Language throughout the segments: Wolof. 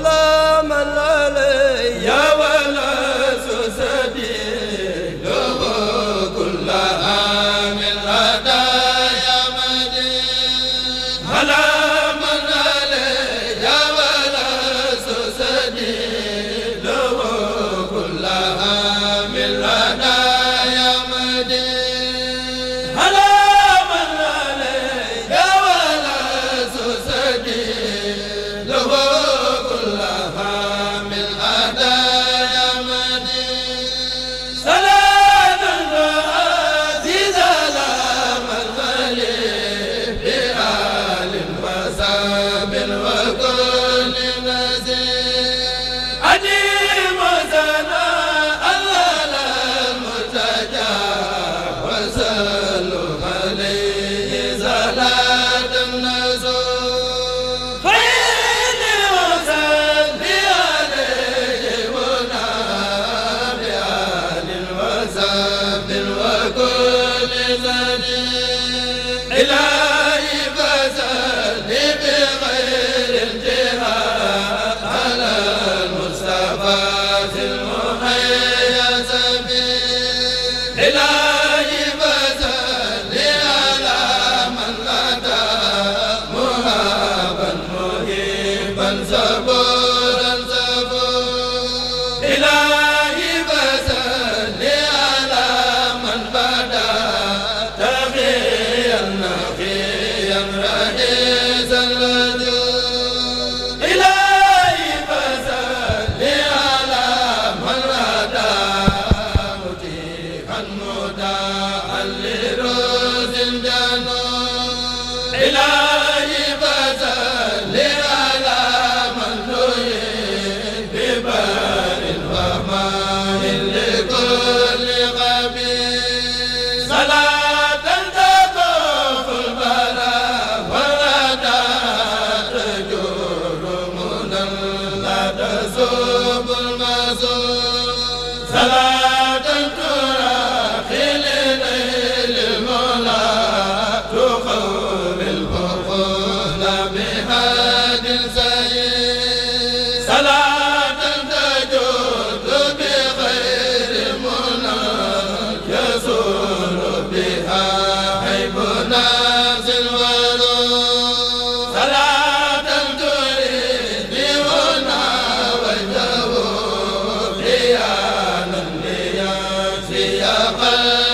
la ani bi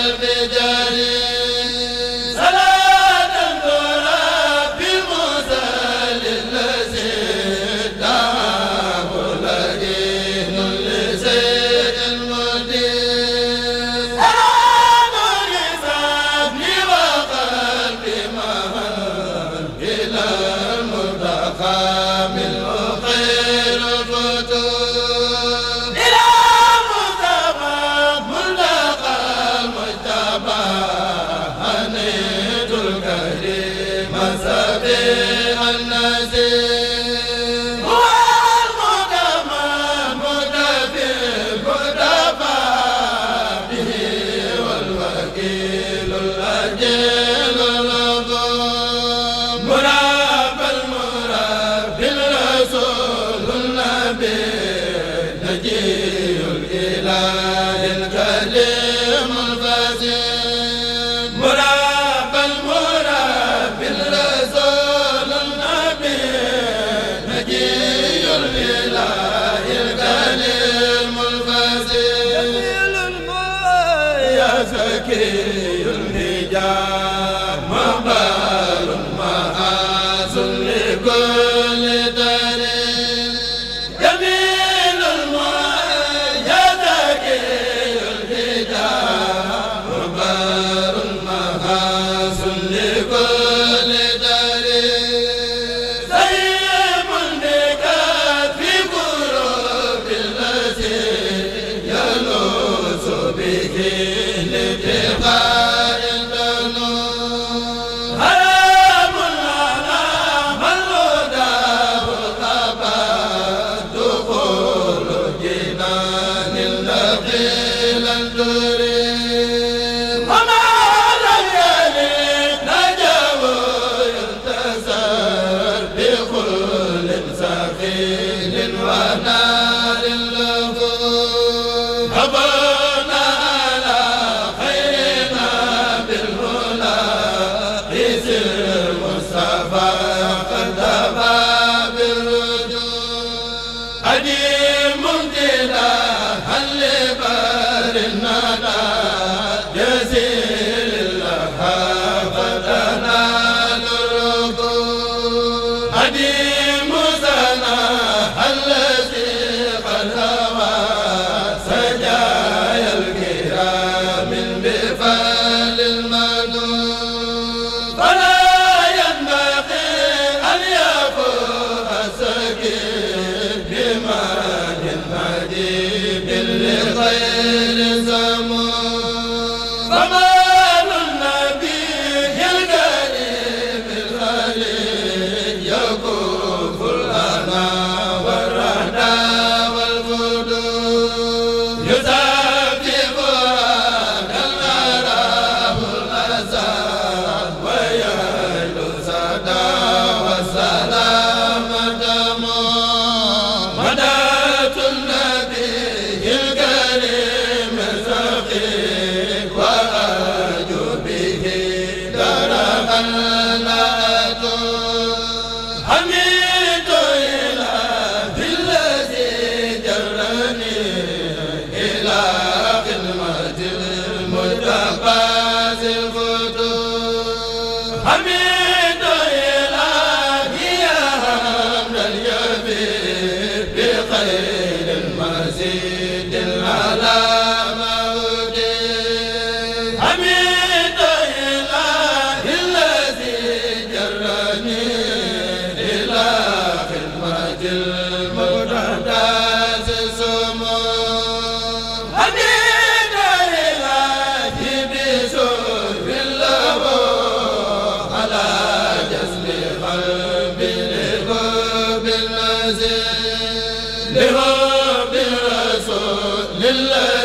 e jaa di لرب رسول الله